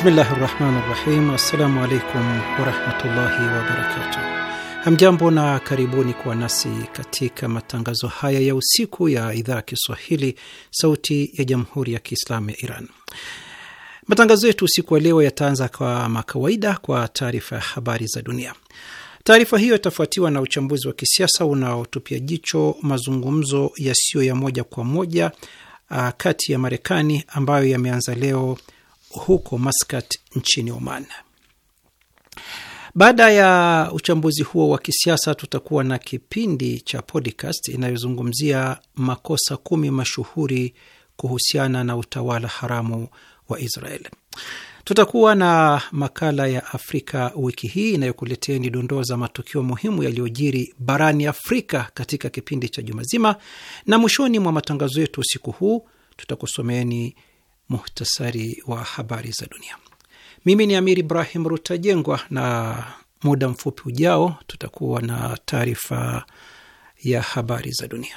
Bismillahi rahmani rahim. Assalamu alaikum warahmatullahi wabarakatuh. Hamjambo na karibuni kuwa nasi katika matangazo haya ya usiku ya idhaa ya Kiswahili, Sauti ya Jamhuri ya Kiislamu ya Iran. Matangazo yetu usiku wa leo yataanza kama kawaida kwa taarifa ya habari za dunia. Taarifa hiyo itafuatiwa na uchambuzi wa kisiasa unaotupia jicho mazungumzo yasiyo ya moja kwa moja uh, kati ya Marekani ambayo yameanza leo huko Maskat nchini Oman. Baada ya uchambuzi huo wa kisiasa, tutakuwa na kipindi cha podcast inayozungumzia makosa kumi mashuhuri kuhusiana na utawala haramu wa Israel. Tutakuwa na makala ya Afrika wiki hii inayokuleteni dondoo za matukio muhimu yaliyojiri barani Afrika katika kipindi cha juma zima, na mwishoni mwa matangazo yetu usiku huu tutakusomeeni muhtasari wa habari za dunia. Mimi ni Amir Ibrahim Rutajengwa, na muda mfupi ujao tutakuwa na taarifa ya habari za dunia.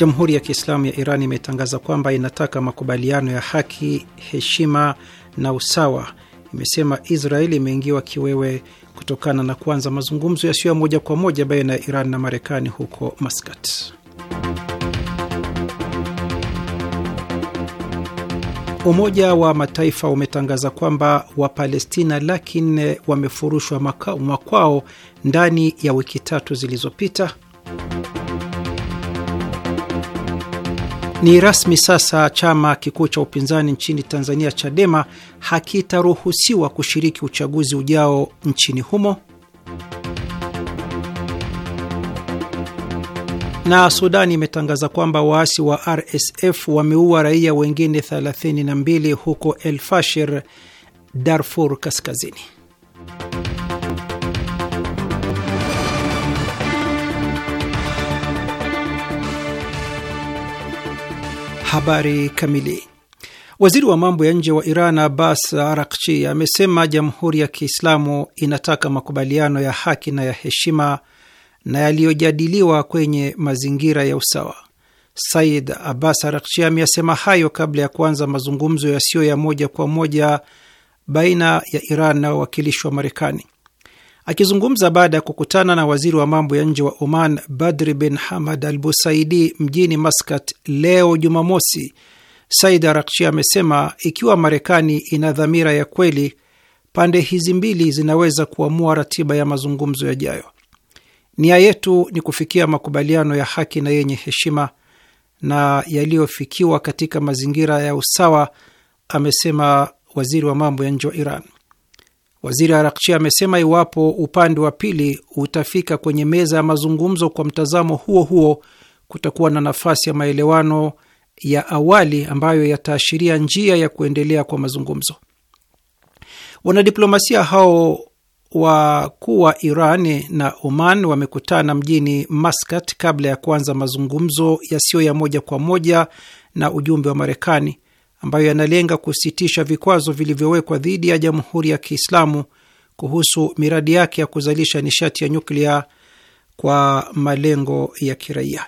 Jamhuri ya Kiislamu ya Iran imetangaza kwamba inataka makubaliano ya haki, heshima na usawa. Imesema Israeli imeingiwa kiwewe kutokana na kuanza mazungumzo yasiyo ya moja kwa moja baina ya Iran na Marekani huko Maskat. Umoja wa Mataifa umetangaza kwamba Wapalestina laki nne wamefurushwa makwao ndani ya wiki tatu zilizopita Ni rasmi sasa, chama kikuu cha upinzani nchini Tanzania, Chadema, hakitaruhusiwa kushiriki uchaguzi ujao nchini humo. Na Sudani imetangaza kwamba waasi wa RSF wameua raia wengine 32 huko El Fasher, Darfur Kaskazini. Habari kamili. Waziri wa mambo ya nje wa Iran Abbas Arakchi amesema Jamhuri ya Kiislamu inataka makubaliano ya haki na ya heshima na yaliyojadiliwa kwenye mazingira ya usawa. Said Abbas Arakchi ameyasema hayo kabla ya kuanza mazungumzo yasiyo ya moja kwa moja baina ya Iran na wawakilishi wa Marekani. Akizungumza baada ya kukutana na waziri wa mambo ya nje wa Oman Badri bin Hamad Al Busaidi mjini Maskat leo Jumamosi, Said Arakchi amesema ikiwa Marekani ina dhamira ya kweli, pande hizi mbili zinaweza kuamua ratiba ya mazungumzo yajayo. Nia yetu ni kufikia makubaliano ya haki na yenye heshima na yaliyofikiwa katika mazingira ya usawa, amesema waziri wa mambo ya nje wa Iran. Waziri Arakchi amesema iwapo upande wa pili utafika kwenye meza ya mazungumzo kwa mtazamo huo huo, kutakuwa na nafasi ya maelewano ya awali ambayo yataashiria njia ya kuendelea kwa mazungumzo. Wanadiplomasia hao wakuu wa Iran na Oman wamekutana mjini Maskat kabla ya kuanza mazungumzo yasiyo ya moja kwa moja na ujumbe wa Marekani ambayo yanalenga kusitisha vikwazo vilivyowekwa dhidi ya Jamhuri ya Kiislamu kuhusu miradi yake ya kuzalisha nishati ya nyuklia kwa malengo ya kiraia.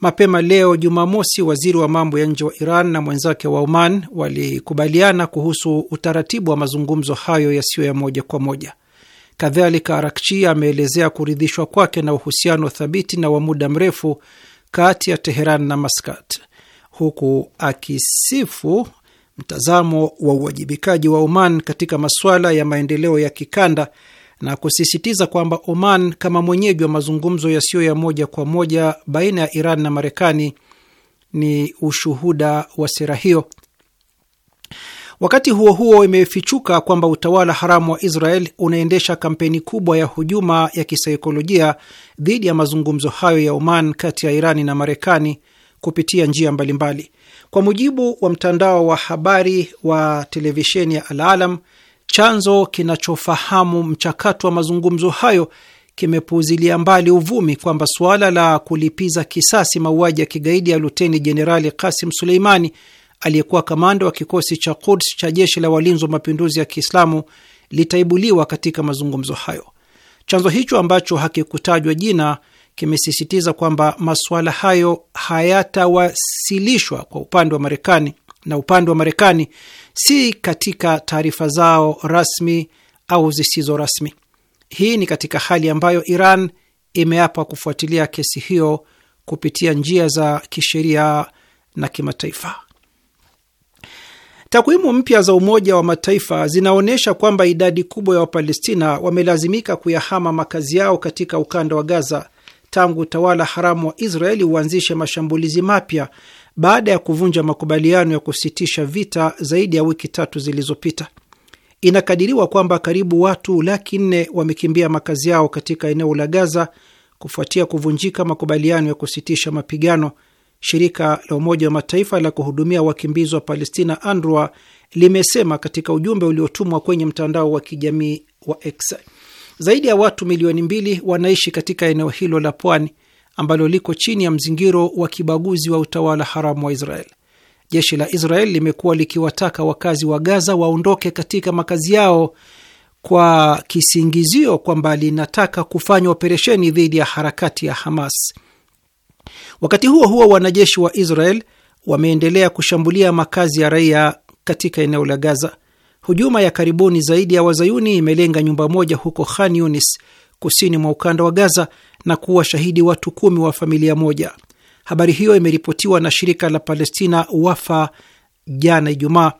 Mapema leo Jumamosi, waziri wa mambo ya nje wa Iran na mwenzake wa Oman walikubaliana kuhusu utaratibu wa mazungumzo hayo yasiyo ya moja kwa moja. Kadhalika, Arakchi ameelezea kuridhishwa kwake na uhusiano thabiti na wa muda mrefu kati ya Teheran na Maskat huku akisifu mtazamo wa uwajibikaji wa Oman katika masuala ya maendeleo ya kikanda na kusisitiza kwamba Oman kama mwenyeji wa mazungumzo yasiyo ya moja kwa moja baina ya Iran na Marekani ni ushuhuda wa sera hiyo. Wakati huo huo, imefichuka kwamba utawala haramu wa Israel unaendesha kampeni kubwa ya hujuma ya kisaikolojia dhidi ya mazungumzo hayo ya Oman kati ya Irani na Marekani kupitia njia mbalimbali. Kwa mujibu wa mtandao wa habari wa televisheni ya Alalam, chanzo kinachofahamu mchakato wa mazungumzo hayo kimepuuzilia mbali uvumi kwamba suala la kulipiza kisasi mauaji ya kigaidi ya Luteni Jenerali Kasim Suleimani aliyekuwa kamanda wa kikosi cha Quds cha jeshi la walinzi wa mapinduzi ya Kiislamu litaibuliwa katika mazungumzo hayo. Chanzo hicho ambacho hakikutajwa jina kimesisitiza kwamba masuala hayo hayatawasilishwa kwa upande wa Marekani na upande wa Marekani si katika taarifa zao rasmi au zisizo rasmi. Hii ni katika hali ambayo Iran imeapa kufuatilia kesi hiyo kupitia njia za kisheria na kimataifa. Takwimu mpya za Umoja wa Mataifa zinaonyesha kwamba idadi kubwa ya Wapalestina wamelazimika kuyahama makazi yao katika ukanda wa Gaza tangu utawala haramu wa Israeli uanzishe mashambulizi mapya baada ya kuvunja makubaliano ya kusitisha vita zaidi ya wiki tatu zilizopita. Inakadiriwa kwamba karibu watu laki nne wamekimbia makazi yao katika eneo la Gaza kufuatia kuvunjika makubaliano ya kusitisha mapigano. Shirika la Umoja wa Mataifa la kuhudumia wakimbizi wa Palestina, UNRWA, limesema katika ujumbe uliotumwa kwenye mtandao wa kijamii wa X. Zaidi ya watu milioni mbili wanaishi katika eneo hilo la pwani ambalo liko chini ya mzingiro wa kibaguzi wa utawala haramu wa Israel. Jeshi la Israel limekuwa likiwataka wakazi wa Gaza waondoke katika makazi yao kwa kisingizio kwamba linataka kufanya operesheni dhidi ya harakati ya Hamas. Wakati huo huo, wanajeshi wa Israel wameendelea kushambulia makazi ya raia katika eneo la Gaza. Hujuma ya karibuni zaidi ya wazayuni imelenga nyumba moja huko Khan Yunis, kusini mwa ukanda wa Gaza, na kuwa shahidi watu kumi wa familia moja. Habari hiyo imeripotiwa na shirika la Palestina Wafa jana Ijumaa.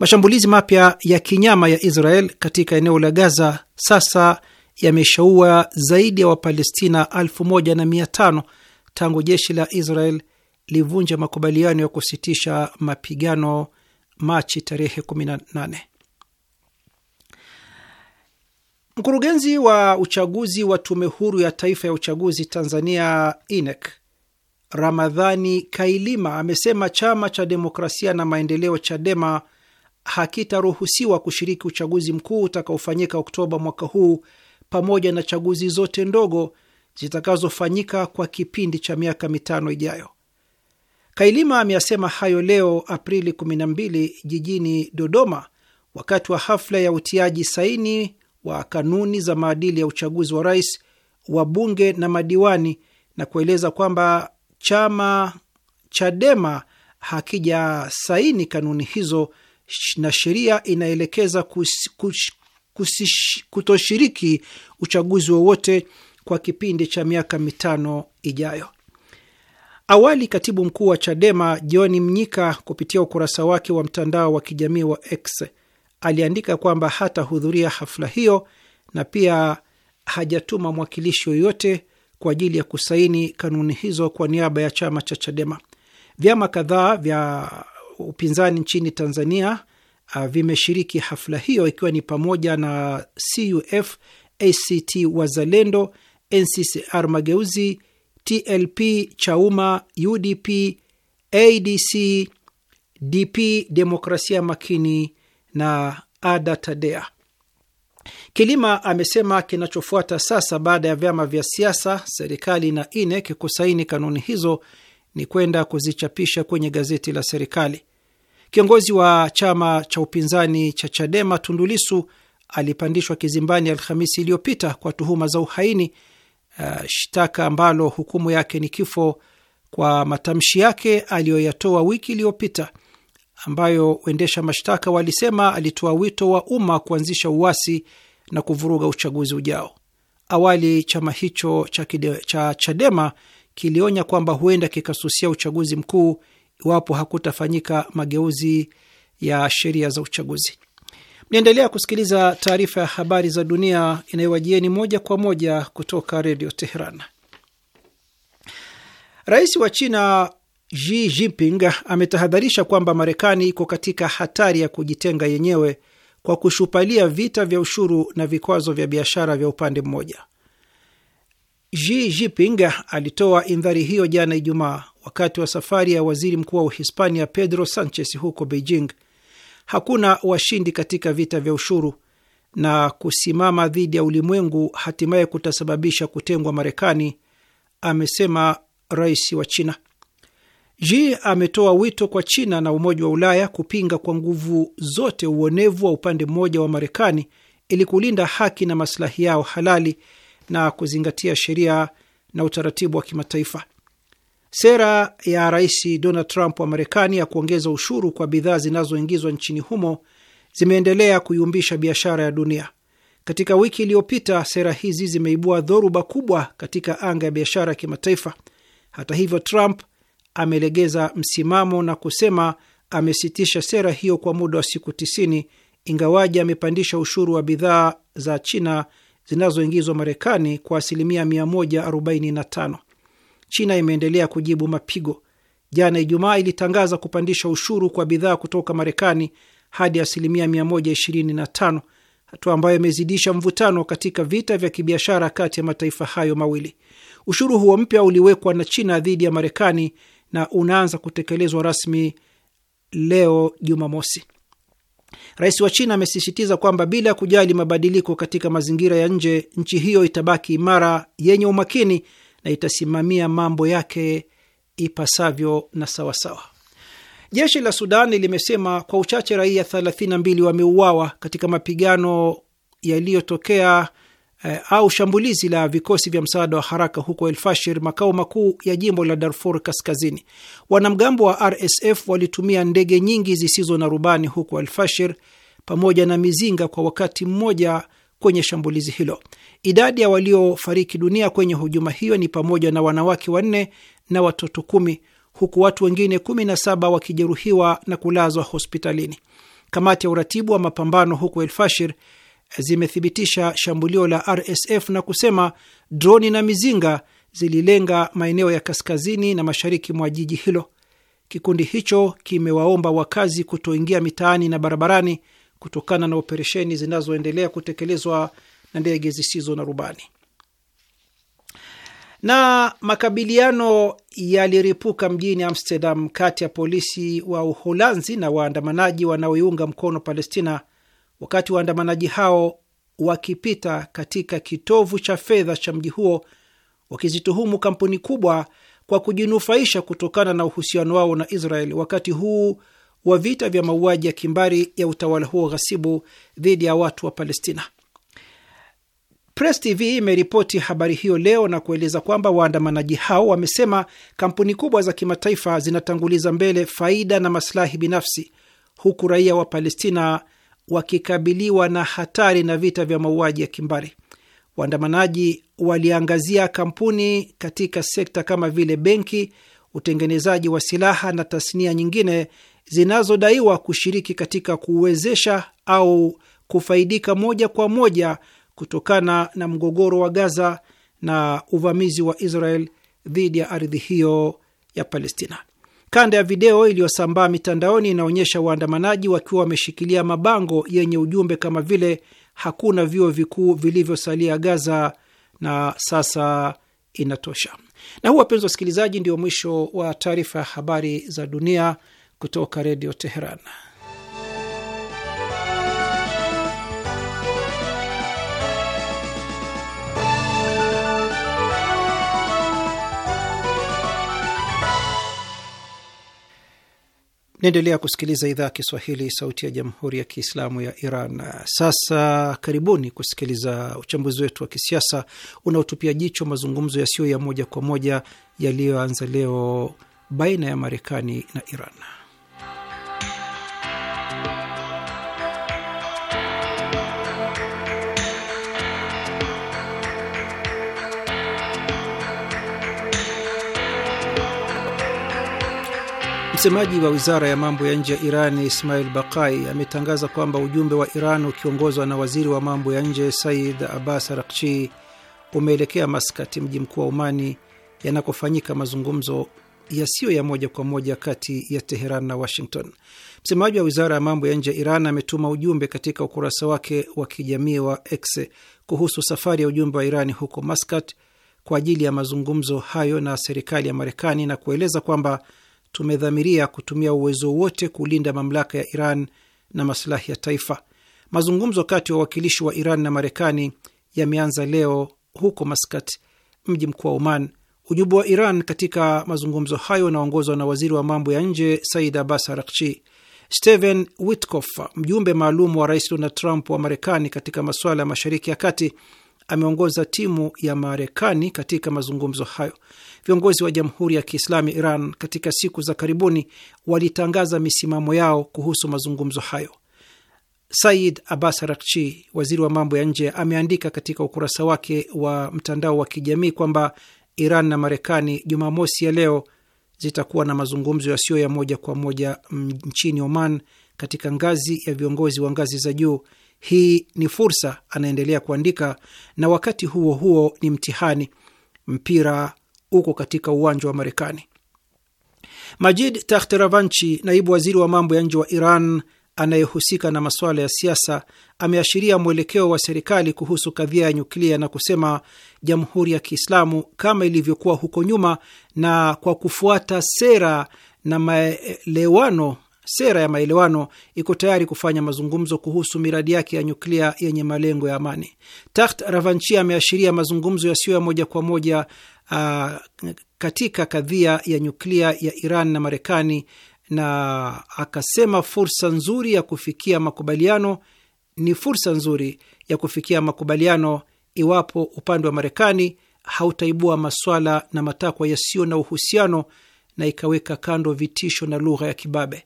Mashambulizi mapya ya kinyama ya Israel katika eneo la Gaza sasa yameshaua zaidi ya Wapalestina 15 tangu jeshi la Israel livunja makubaliano ya kusitisha mapigano Machi tarehe 18. Mkurugenzi wa uchaguzi wa Tume Huru ya Taifa ya Uchaguzi Tanzania, INEC, Ramadhani Kailima amesema Chama cha Demokrasia na Maendeleo, CHADEMA, hakitaruhusiwa kushiriki uchaguzi mkuu utakaofanyika Oktoba mwaka huu pamoja na chaguzi zote ndogo zitakazofanyika kwa kipindi cha miaka mitano ijayo. Kailima ameyasema hayo leo Aprili 12 jijini Dodoma wakati wa hafla ya utiaji saini wa kanuni za maadili ya uchaguzi wa rais, wabunge na madiwani na kueleza kwamba chama Chadema hakijasaini kanuni hizo na sheria inaelekeza kus, kus, kusish, kutoshiriki uchaguzi wowote kwa kipindi cha miaka mitano ijayo. Awali katibu mkuu wa Chadema John Mnyika kupitia ukurasa wake wa mtandao wa kijamii wa X aliandika kwamba hatahudhuria hafla hiyo na pia hajatuma mwakilishi yoyote kwa ajili ya kusaini kanuni hizo kwa niaba ya chama cha Chadema. Vyama kadhaa vya upinzani nchini Tanzania uh, vimeshiriki hafla hiyo ikiwa ni pamoja na CUF, ACT Wazalendo, NCCR Mageuzi, TLP, Chauma, UDP, ADC, DP, Demokrasia Makini na Ada Tadea. Kilima amesema kinachofuata sasa baada ya vyama vya siasa, serikali na INEC kusaini kanuni hizo ni kwenda kuzichapisha kwenye gazeti la serikali. Kiongozi wa chama cha upinzani cha Chadema Tundulisu alipandishwa kizimbani Alhamisi iliyopita kwa tuhuma za uhaini, uh, shtaka ambalo hukumu yake ni kifo kwa matamshi yake aliyoyatoa wiki iliyopita ambayo uendesha mashtaka walisema alitoa wito wa umma kuanzisha uasi na kuvuruga uchaguzi ujao. Awali chama hicho cha, cha Chadema kilionya kwamba huenda kikasusia uchaguzi mkuu iwapo hakutafanyika mageuzi ya sheria za uchaguzi. Mnaendelea kusikiliza taarifa ya habari za dunia inayowajieni moja kwa moja kutoka redio Teheran. Rais wa China Xi Jinping ametahadharisha kwamba Marekani iko katika hatari ya kujitenga yenyewe kwa kushupalia vita vya ushuru na vikwazo vya biashara vya upande mmoja. Xi Jinping alitoa indhari hiyo jana Ijumaa wakati wa safari ya waziri mkuu wa Uhispania Pedro Sanchez huko Beijing. Hakuna washindi katika vita vya ushuru na kusimama dhidi ya ulimwengu hatimaye kutasababisha kutengwa Marekani, amesema rais wa China. Xi ametoa wito kwa China na Umoja wa Ulaya kupinga kwa nguvu zote uonevu wa upande mmoja wa Marekani ili kulinda haki na masilahi yao halali na kuzingatia sheria na utaratibu wa kimataifa. Sera ya Rais Donald Trump wa Marekani ya kuongeza ushuru kwa bidhaa zinazoingizwa nchini humo zimeendelea kuyumbisha biashara ya dunia. Katika wiki iliyopita, sera hizi zimeibua dhoruba kubwa katika anga ya biashara ya kimataifa. Hata hivyo, Trump amelegeza msimamo na kusema amesitisha sera hiyo kwa muda wa siku tisini, ingawaji amepandisha ushuru wa bidhaa za China zinazoingizwa Marekani kwa asilimia 145. China imeendelea kujibu mapigo. Jana Ijumaa ilitangaza kupandisha ushuru kwa bidhaa kutoka Marekani hadi asilimia 125, hatua ambayo imezidisha mvutano katika vita vya kibiashara kati ya mataifa hayo mawili. Ushuru huo mpya uliwekwa na China dhidi ya Marekani na unaanza kutekelezwa rasmi leo Jumamosi. Rais wa China amesisitiza kwamba bila ya kujali mabadiliko katika mazingira ya nje, nchi hiyo itabaki imara, yenye umakini na itasimamia mambo yake ipasavyo na sawasawa. Jeshi la Sudani limesema kwa uchache raia 32 wameuawa katika mapigano yaliyotokea eh, au shambulizi la vikosi vya msaada wa haraka huko El makao makuu ya jimbo la Darfur Kaskazini. Wanamgambo wa RSF walitumia ndege nyingi zisizo na rubani huko El pamoja na mizinga kwa wakati mmoja kwenye shambulizi hilo. Idadi ya waliofariki dunia kwenye hujuma hiyo ni pamoja na wanawake wanne na watoto kumi huku watu wengine kumi na saba wakijeruhiwa na kulazwa hospitalini. Kamati ya uratibu wa mapambano huko Elfashir zimethibitisha shambulio la RSF na kusema droni na mizinga zililenga maeneo ya kaskazini na mashariki mwa jiji hilo. Kikundi hicho kimewaomba wakazi kutoingia mitaani na barabarani kutokana na operesheni zinazoendelea kutekelezwa na ndege zisizo na rubani. Na makabiliano yaliripuka mjini Amsterdam kati ya polisi wa Uholanzi na waandamanaji wanaoiunga mkono Palestina wakati waandamanaji hao wakipita katika kitovu cha fedha cha mji huo wakizituhumu kampuni kubwa kwa kujinufaisha kutokana na uhusiano wao na Israel wakati huu wa vita vya mauaji ya kimbari ya utawala huo ghasibu dhidi ya watu wa Palestina. Press TV imeripoti habari hiyo leo na kueleza kwamba waandamanaji hao wamesema kampuni kubwa za kimataifa zinatanguliza mbele faida na masilahi binafsi, huku raia wa Palestina wakikabiliwa na hatari na vita vya mauaji ya kimbari. Waandamanaji waliangazia kampuni katika sekta kama vile benki, utengenezaji wa silaha na tasnia nyingine zinazodaiwa kushiriki katika kuwezesha au kufaidika moja kwa moja kutokana na mgogoro wa Gaza na uvamizi wa Israel dhidi ya ardhi hiyo ya Palestina. Kanda ya video iliyosambaa mitandaoni inaonyesha waandamanaji wakiwa wameshikilia mabango yenye ujumbe kama vile hakuna vyuo vikuu vilivyosalia Gaza na sasa inatosha. Na huu, wapenzi wasikilizaji, ndio mwisho wa taarifa ya habari za dunia kutoka Redio Teheran. Naendelea kusikiliza idhaa ya Kiswahili, sauti ya jamhuri ya kiislamu ya Iran. Sasa karibuni kusikiliza uchambuzi wetu wa kisiasa unaotupia jicho mazungumzo yasiyo ya moja kwa moja yaliyoanza leo baina ya Marekani na Iran. Msemaji wa wizara ya mambo ya nje ya Iran Ismail Bakai ametangaza kwamba ujumbe wa Iran ukiongozwa na waziri wa mambo ya nje Said Abbas Araghchi umeelekea Maskati, mji mkuu wa umani yanakofanyika mazungumzo yasiyo ya moja kwa moja kati ya Teheran na Washington. Msemaji wa wizara ya mambo ya nje ya Iran ametuma ujumbe katika ukurasa wake wa kijamii wa X kuhusu safari ya ujumbe wa Irani huko Maskat kwa ajili ya mazungumzo hayo na serikali ya Marekani na kueleza kwamba tumedhamiria kutumia uwezo wote kulinda mamlaka ya Iran na masilahi ya taifa. Mazungumzo kati ya wawakilishi wa Iran na Marekani yameanza leo huko Maskat, mji mkuu wa Oman. Ujumbe wa Iran katika mazungumzo hayo unaongozwa na waziri wa mambo ya nje Said Abbas Arakchi. Steven Witkoff, mjumbe maalum wa rais Donald Trump wa Marekani katika masuala ya Mashariki ya Kati, ameongoza timu ya Marekani katika mazungumzo hayo. Viongozi wa Jamhuri ya Kiislamu Iran katika siku za karibuni walitangaza misimamo yao kuhusu mazungumzo hayo. Said Abbas arakchi waziri wa mambo ya nje, ameandika katika ukurasa wake wa mtandao wa kijamii kwamba Iran na Marekani Jumamosi ya leo zitakuwa na mazungumzo yasiyo ya moja kwa moja nchini Oman katika ngazi ya viongozi wa ngazi za juu hii ni fursa, anaendelea kuandika, na wakati huo huo ni mtihani. Mpira uko katika uwanja wa Marekani. Majid Tahteravanchi, naibu waziri wa mambo ya nje wa Iran anayehusika na masuala ya siasa, ameashiria mwelekeo wa serikali kuhusu kadhia ya nyuklia na kusema Jamhuri ya Kiislamu, kama ilivyokuwa huko nyuma, na kwa kufuata sera na maelewano sera ya maelewano iko tayari kufanya mazungumzo kuhusu miradi yake ya nyuklia yenye malengo ya amani. Takht Ravanchi ameashiria mazungumzo yasiyo ya moja kwa moja uh, katika kadhia ya nyuklia ya Iran na Marekani, na akasema fursa nzuri ya kufikia makubaliano ni fursa nzuri ya kufikia makubaliano iwapo upande wa Marekani hautaibua maswala na matakwa yasiyo na uhusiano na ikaweka kando vitisho na lugha ya kibabe.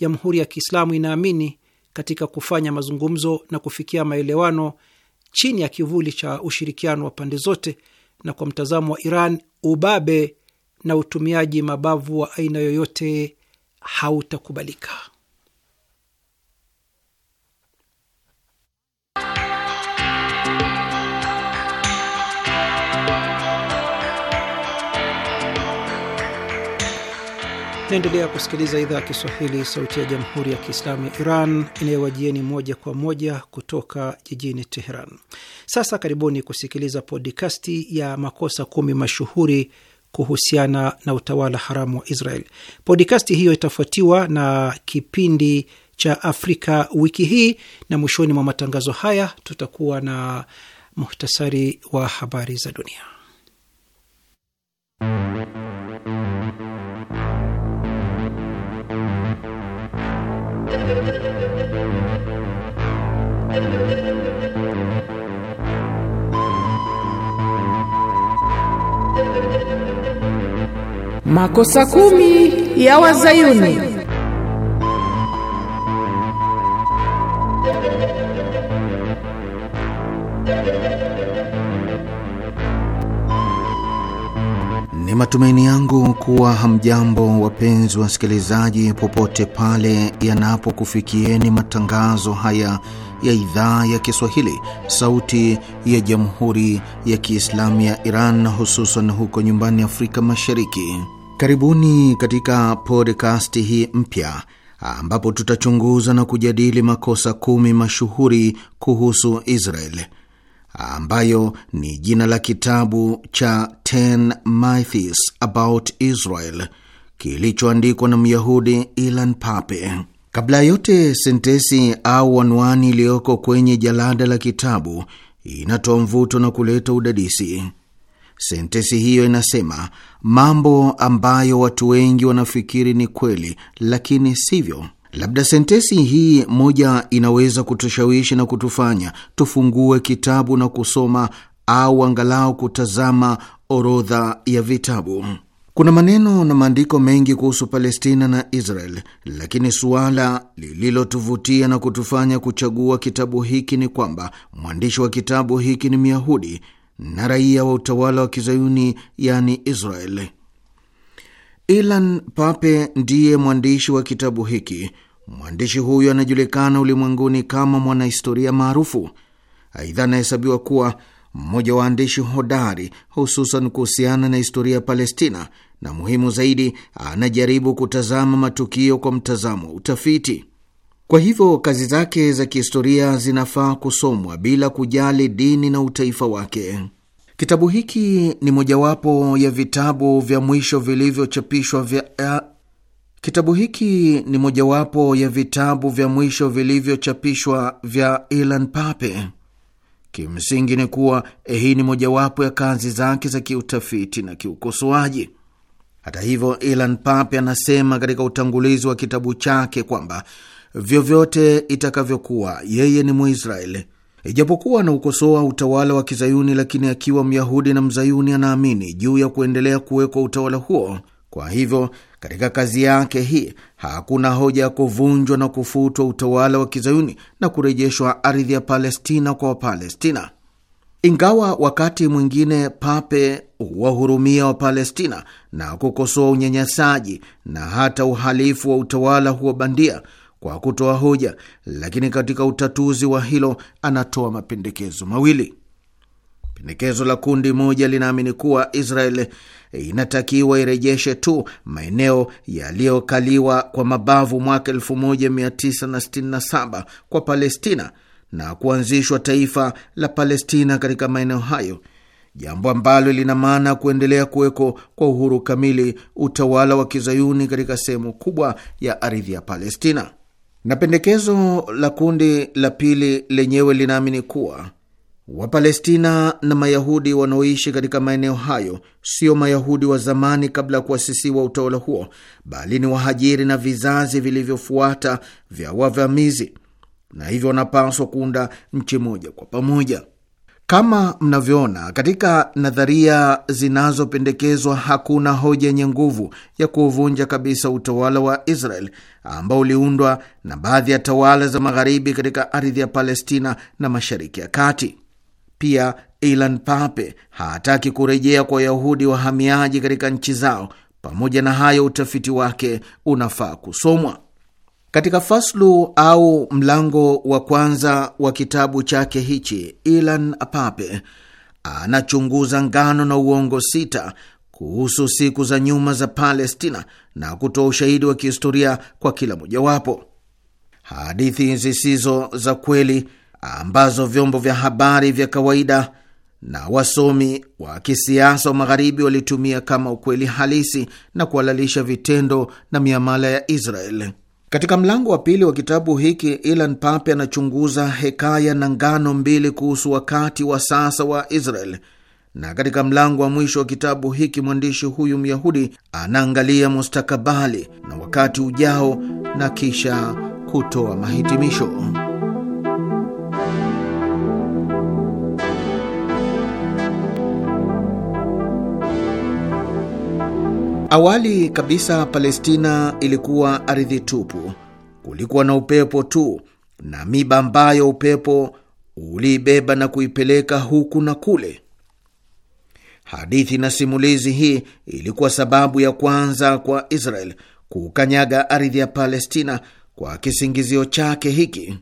Jamhuri ya Kiislamu inaamini katika kufanya mazungumzo na kufikia maelewano chini ya kivuli cha ushirikiano wa pande zote, na kwa mtazamo wa Iran, ubabe na utumiaji mabavu wa aina yoyote hautakubalika. Naendelea kusikiliza idhaa ya Kiswahili, sauti ya jamhuri ya kiislamu ya Iran inayowajieni moja kwa moja kutoka jijini Teheran. Sasa karibuni kusikiliza podikasti ya makosa kumi mashuhuri kuhusiana na utawala haramu wa Israel. Podikasti hiyo itafuatiwa na kipindi cha Afrika wiki hii, na mwishoni mwa matangazo haya tutakuwa na muhtasari wa habari za dunia. Makosa kumi ya Wazayuni. Ni matumaini yangu kuwa hamjambo wapenzi wasikilizaji, popote pale yanapokufikieni matangazo haya ya idhaa ya Kiswahili, Sauti ya Jamhuri ya Kiislamu ya Iran, hususan huko nyumbani Afrika Mashariki. Karibuni katika podcast hii mpya ambapo tutachunguza na kujadili makosa kumi mashuhuri kuhusu Israel ambayo ni jina la kitabu cha Ten Myths About Israel kilichoandikwa na Myahudi Ilan Pape. Kabla ya yote, sentesi au anwani iliyoko kwenye jalada la kitabu inatoa mvuto na kuleta udadisi. Sentesi hiyo inasema mambo ambayo watu wengi wanafikiri ni kweli, lakini sivyo. Labda sentesi hii moja inaweza kutushawishi na kutufanya tufungue kitabu na kusoma au angalau kutazama orodha ya vitabu. Kuna maneno na maandiko mengi kuhusu Palestina na Israel, lakini suala lililotuvutia na kutufanya kuchagua kitabu hiki ni kwamba mwandishi wa kitabu hiki ni Myahudi na raia wa utawala wa Kizayuni, yaani Israel. Ilan Pape ndiye mwandishi wa kitabu hiki. Mwandishi huyu anajulikana ulimwenguni kama mwanahistoria maarufu. Aidha, anahesabiwa kuwa mmoja wa waandishi hodari, hususan kuhusiana na historia ya Palestina, na muhimu zaidi, anajaribu kutazama matukio kwa mtazamo wa utafiti. Kwa hivyo kazi zake za kihistoria zinafaa kusomwa bila kujali dini na utaifa wake. Kitabu hiki ni mojawapo ya vitabu vya mwisho vilivyochapishwa vya eh, Kitabu hiki ni mojawapo ya vitabu vya mwisho vilivyochapishwa vya Ilan pape Kimsingi ni kuwa eh, hii ni mojawapo ya kazi zake za kiutafiti na kiukosoaji. Hata hivyo, Ilan pape anasema katika utangulizi wa kitabu chake kwamba vyovyote itakavyokuwa, yeye ni Mwisraeli Ijapokuwa anaukosoa utawala wa Kizayuni, lakini akiwa Myahudi na Mzayuni anaamini juu ya kuendelea kuwekwa utawala huo. Kwa hivyo katika kazi yake hii hakuna hoja ya kuvunjwa na kufutwa utawala wa Kizayuni na kurejeshwa ardhi ya Palestina kwa Wapalestina, ingawa wakati mwingine Pape huwahurumia Wapalestina na kukosoa unyanyasaji na hata uhalifu wa utawala huo bandia kwa kutoa hoja, lakini katika utatuzi wa hilo anatoa mapendekezo mawili. Pendekezo la kundi moja linaamini kuwa Israel inatakiwa irejeshe tu maeneo yaliyokaliwa kwa mabavu mwaka 1967 kwa Palestina na kuanzishwa taifa la Palestina katika maeneo hayo, jambo ambalo lina maana kuendelea kuweko kwa uhuru kamili utawala wa kizayuni katika sehemu kubwa ya ardhi ya Palestina. Na pendekezo la kundi la pili lenyewe linaamini kuwa Wapalestina na Mayahudi wanaoishi katika maeneo hayo sio Mayahudi wa zamani kabla ya kuasisiwa utawala huo, bali ni wahajiri na vizazi vilivyofuata vya wavamizi, na hivyo wanapaswa kuunda nchi moja kwa pamoja. Kama mnavyoona katika nadharia zinazopendekezwa, hakuna hoja yenye nguvu ya kuvunja kabisa utawala wa Israel ambao uliundwa na baadhi ya tawala za magharibi katika ardhi ya Palestina na Mashariki ya Kati. Pia Ilan Pape hataki kurejea kwa Wayahudi wahamiaji katika nchi zao. Pamoja na hayo, utafiti wake unafaa kusomwa katika faslu au mlango wa kwanza wa kitabu chake hichi, Ilan Pape anachunguza ngano na uongo sita kuhusu siku za nyuma za Palestina na kutoa ushahidi wa kihistoria kwa kila mojawapo. Hadithi zisizo za kweli ambazo vyombo vya habari vya kawaida na wasomi wa kisiasa wa Magharibi walitumia kama ukweli halisi na kuhalalisha vitendo na miamala ya Israel. Katika mlango wa pili wa kitabu hiki Ilan Pape anachunguza hekaya na ngano mbili kuhusu wakati wa sasa wa Israel, na katika mlango wa mwisho wa kitabu hiki mwandishi huyu Myahudi anaangalia mustakabali na wakati ujao na kisha kutoa mahitimisho. Awali kabisa Palestina ilikuwa ardhi tupu, kulikuwa na upepo tu na miba ambayo upepo uliibeba na kuipeleka huku na kule. Hadithi na simulizi hii ilikuwa sababu ya kwanza kwa Israel kukanyaga ardhi ya Palestina kwa kisingizio chake hiki.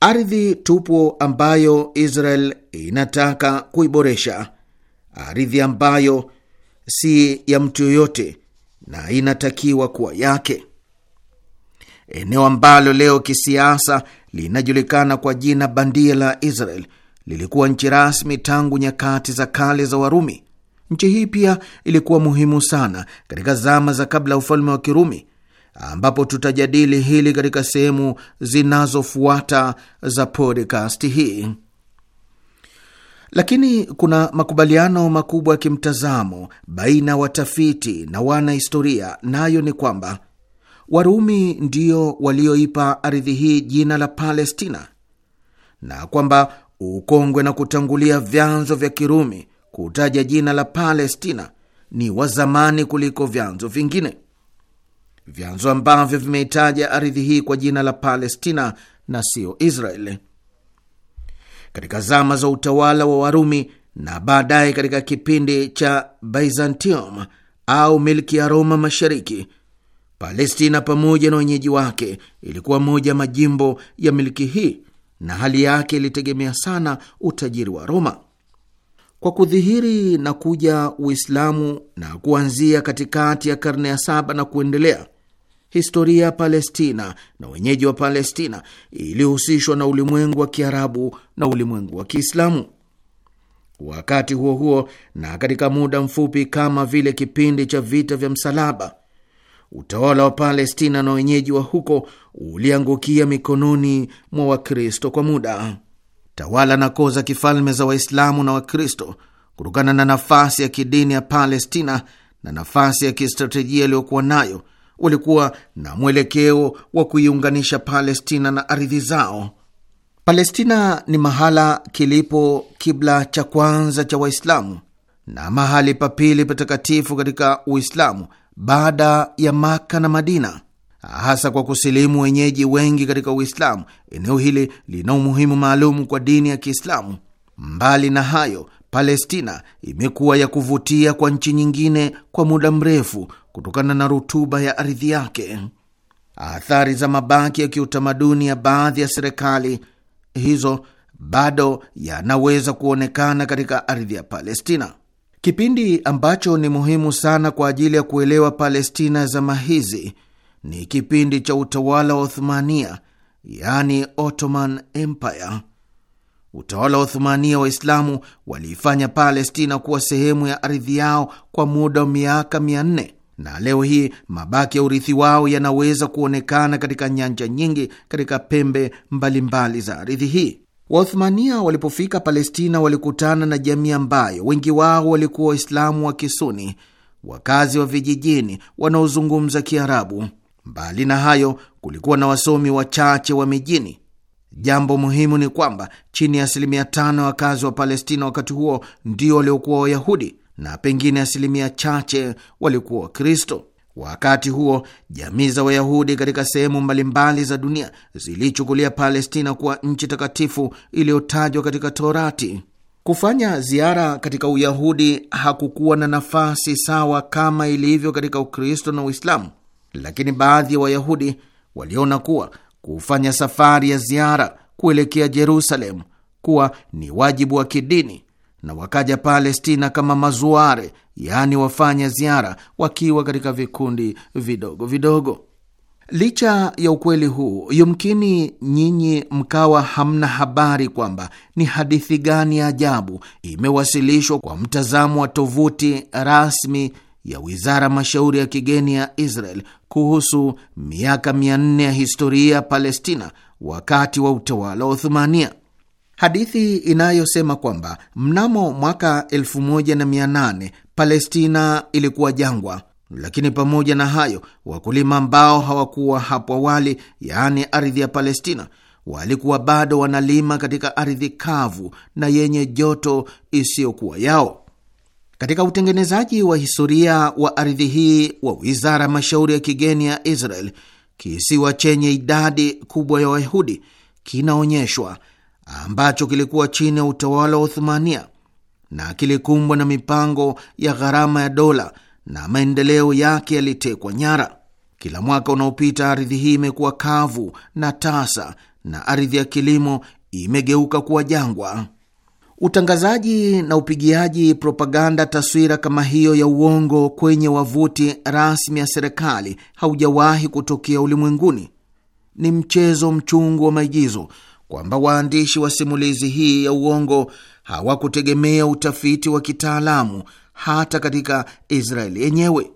Ardhi tupu ambayo Israel inataka kuiboresha, ardhi ambayo si ya mtu yoyote na inatakiwa kuwa yake. Eneo ambalo leo kisiasa linajulikana kwa jina bandia la Israel lilikuwa nchi rasmi tangu nyakati za kale za Warumi. Nchi hii pia ilikuwa muhimu sana katika zama za kabla ya ufalme wa Kirumi, ambapo tutajadili hili katika sehemu zinazofuata za podcast hii lakini kuna makubaliano makubwa ya kimtazamo baina ya watafiti na wanahistoria, nayo ni kwamba Warumi ndio walioipa ardhi hii jina la Palestina na kwamba ukongwe na kutangulia vyanzo vya Kirumi kutaja jina la Palestina ni wa zamani kuliko vyanzo vingine. Vyanzo ambavyo vimeitaja ardhi hii kwa jina la Palestina na siyo Israeli katika zama za utawala wa Warumi na baadaye katika kipindi cha Byzantium au milki ya Roma Mashariki. Palestina pamoja na wenyeji wake ilikuwa moja majimbo ya milki hii na hali yake ilitegemea sana utajiri wa Roma. Kwa kudhihiri na kuja Uislamu na kuanzia katikati ya karne ya saba na kuendelea historia ya Palestina na wenyeji wa Palestina ilihusishwa na ulimwengu wa Kiarabu na ulimwengu wa Kiislamu. Wakati huo huo, na katika muda mfupi kama vile kipindi cha vita vya msalaba, utawala wa Palestina na wenyeji wa huko uliangukia mikononi mwa Wakristo kwa muda. Tawala na koo za kifalme za Waislamu na Wakristo, kutokana na nafasi ya kidini ya Palestina na nafasi ya kistratejia iliyokuwa nayo ulikuwa na mwelekeo wa kuiunganisha Palestina na ardhi zao. Palestina ni mahala kilipo kibla cha kwanza cha Waislamu na mahali pa pili patakatifu katika Uislamu baada ya Maka na Madina, hasa kwa kusilimu wenyeji wengi katika Uislamu. Eneo hili lina umuhimu maalum kwa dini ya Kiislamu. Mbali na hayo Palestina imekuwa ya kuvutia kwa nchi nyingine kwa muda mrefu kutokana na rutuba ya ardhi yake. Athari za mabaki ya kiutamaduni ya baadhi ya serikali hizo bado yanaweza kuonekana katika ardhi ya Palestina. Kipindi ambacho ni muhimu sana kwa ajili ya kuelewa Palestina zama hizi ni kipindi cha utawala wa Uthmania, yani Ottoman Empire. Utawala wa Uthumania Waislamu waliifanya Palestina kuwa sehemu ya ardhi yao kwa muda wa miaka mia nne na leo hii mabaki ya urithi wao yanaweza kuonekana katika nyanja nyingi katika pembe mbalimbali mbali za ardhi hii. Wauthmania walipofika Palestina walikutana na jamii ambayo wengi wao walikuwa Waislamu wa Kisuni, wakazi wa vijijini wanaozungumza Kiarabu. Mbali na hayo, kulikuwa na wasomi wachache wa mijini. Jambo muhimu ni kwamba chini ya asilimia tano ya wakazi wa Palestina wakati huo ndio waliokuwa Wayahudi na pengine asilimia chache walikuwa Wakristo. Wakati huo jamii za Wayahudi katika sehemu mbalimbali za dunia zilichukulia Palestina kuwa nchi takatifu iliyotajwa katika Torati. Kufanya ziara katika Uyahudi hakukuwa na nafasi sawa kama ilivyo katika Ukristo na Uislamu, lakini baadhi ya Wayahudi waliona kuwa kufanya safari ya ziara kuelekea Jerusalemu kuwa ni wajibu wa kidini na wakaja Palestina kama mazuare, yaani wafanya ziara, wakiwa katika vikundi vidogo vidogo. Licha ya ukweli huu, yumkini nyinyi mkawa hamna habari kwamba ni hadithi gani ya ajabu imewasilishwa kwa mtazamo wa tovuti rasmi ya wizara mashauri ya kigeni ya Israel kuhusu miaka 400 ya historia ya Palestina wakati wa utawala wa Uthumania. Hadithi inayosema kwamba mnamo mwaka 1800 Palestina ilikuwa jangwa, lakini pamoja na hayo wakulima ambao hawakuwa hapo awali, yaani ardhi ya Palestina, walikuwa bado wanalima katika ardhi kavu na yenye joto isiyokuwa yao. Katika utengenezaji wa historia wa ardhi hii wa wizara ya mashauri ya kigeni ya Israel, kisiwa chenye idadi kubwa ya Wayahudi kinaonyeshwa ambacho kilikuwa chini ya utawala wa Uthumania na kilikumbwa na mipango ya gharama ya dola na maendeleo yake yalitekwa nyara. Kila mwaka unaopita ardhi hii imekuwa kavu na tasa na ardhi ya kilimo imegeuka kuwa jangwa. Utangazaji na upigiaji propaganda taswira kama hiyo ya uongo kwenye wavuti rasmi ya serikali haujawahi kutokea ulimwenguni. Ni mchezo mchungu wa maigizo kwamba waandishi wa simulizi hii ya uongo hawakutegemea utafiti wa kitaalamu hata katika Israeli yenyewe.